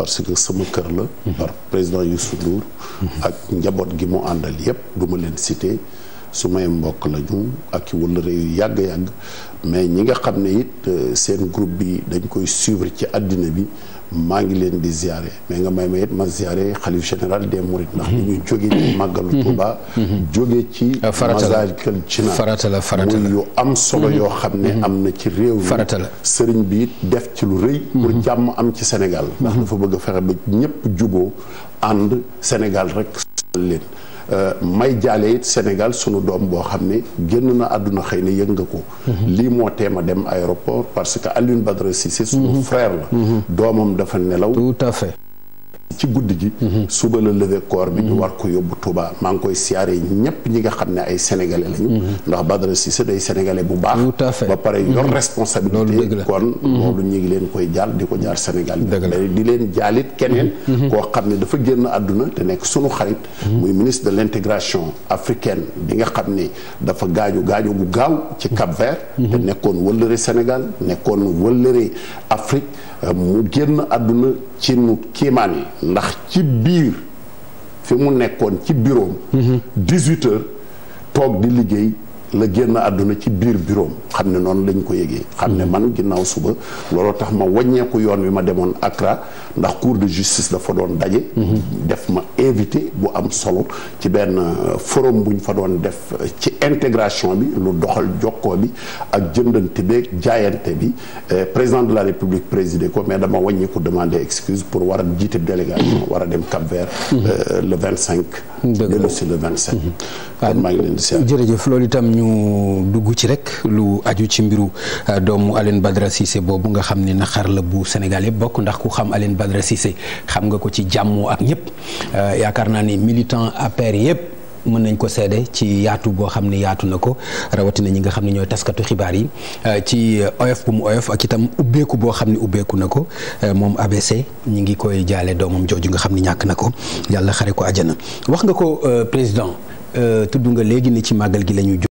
parce que sama kër la. Mhm. par président yu Ndour. Mhm. ak njaboot gi mu àndal yépp du ma leen citer. su may mbokk lañu ak i wëllëre yu yàgg-yàgg mais ñi nga xam ne it euh, seen groupe bi dañ koy suivre ci àddina bi maa ngi leen di ziare mais nga may ma it ma ziare xalif général des mourides ndax li mm-hmm. ñu jóge ci màggalu mm-hmm. Tuuba mm-hmm. jóge ci euh, Masaalikul Jinaan farata la farata yu am solo yoo xam ne am na ci réew mi farata la sëriñ bi it def ci lu rëy pour jàmm am ci Sénégal ndax dafa bëgg a fexe ba ñëpp juboo ànd Sénégal rek leen Euh, may jaale it Sénégal sunu doom boo xam ne génn na àdduna xëy na yëg nga ko. Mhm. lii moo teem a dem aéroport parce que Alioune Badara si sunu mhm. frère la. Mhm. doomam dafa nelaw. tout à fait. ci guddi gi. Mhm. suba la levée corps bi. ñu mhm. war ko yóbbu Touba maa ngi koy siyaare ñëpp ñi nga xam ne ay sénégalais lañu. Mhm. ndax Badara Cissé day sénégalais bu baax. tout à fait ba pare yor responsabilité. kon loolu ñu ngi leen koy jaal di ko jaar Sénégal bi. di leen jaalit keneen. koo xam ne dafa génn àdduna te nekk sunu xarit. muy ministre de l' intégration africaine bi nga xam ne dafa gaañu gaañu gu gaaw ci Cap Vert. te nekkoon wëllëre Sénégal nekkoon wëllëre Afrique euh, mu génn àdduna ci nu yi. ndax ci biir fi mu nekkoon ci bureau am. 18 mhm. heures toog di liggéey la génn àdduna ci biir bureau xam ne noonu lañ ko yëgee xam ne man ginnaaw suba looloo tax ma wàññeeku yoon wi ma demoon Accra ndax cour de justice dafa doon daje def ma invité bu am solo ci benn euh, forum bu fa doon def euh, ci intégration bi lu doxal jokkoo bi ak jëndante beeg jaayante bi euh, président de la république présider ko mais dama wàññeeku demander excuse pour war a jiite délégation war a dem Cap Vert le vingt cinq dellu si le vingt sept mmh. loolu ñu dugg ci rek lu aju ci mbiru euh, doomu Alioune Badara Cissé boobu nga xam ne naxar la bu Sénégal yëpp bokk ndax ku xam Alioune Badara Cissé xam nga ko ci jàmmoo ak ñëpp euh, yaakaar naa ni militant APR yëpp. mën nañ ko seede ci yaatu boo xam ne yaatu na ko rawatina ñi nga xam ne ñooy taskatu xibaar yi euh, ci oyof mu oyof ak itam ubbeeku boo xam ne ubbeeku na ko moom ABC ñi ngi koy jaale doomam jooju nga xam ni ñàkk na ko yàlla xare ko àjjana wax nga ko président tudd nga léegi ne ci màggal gi la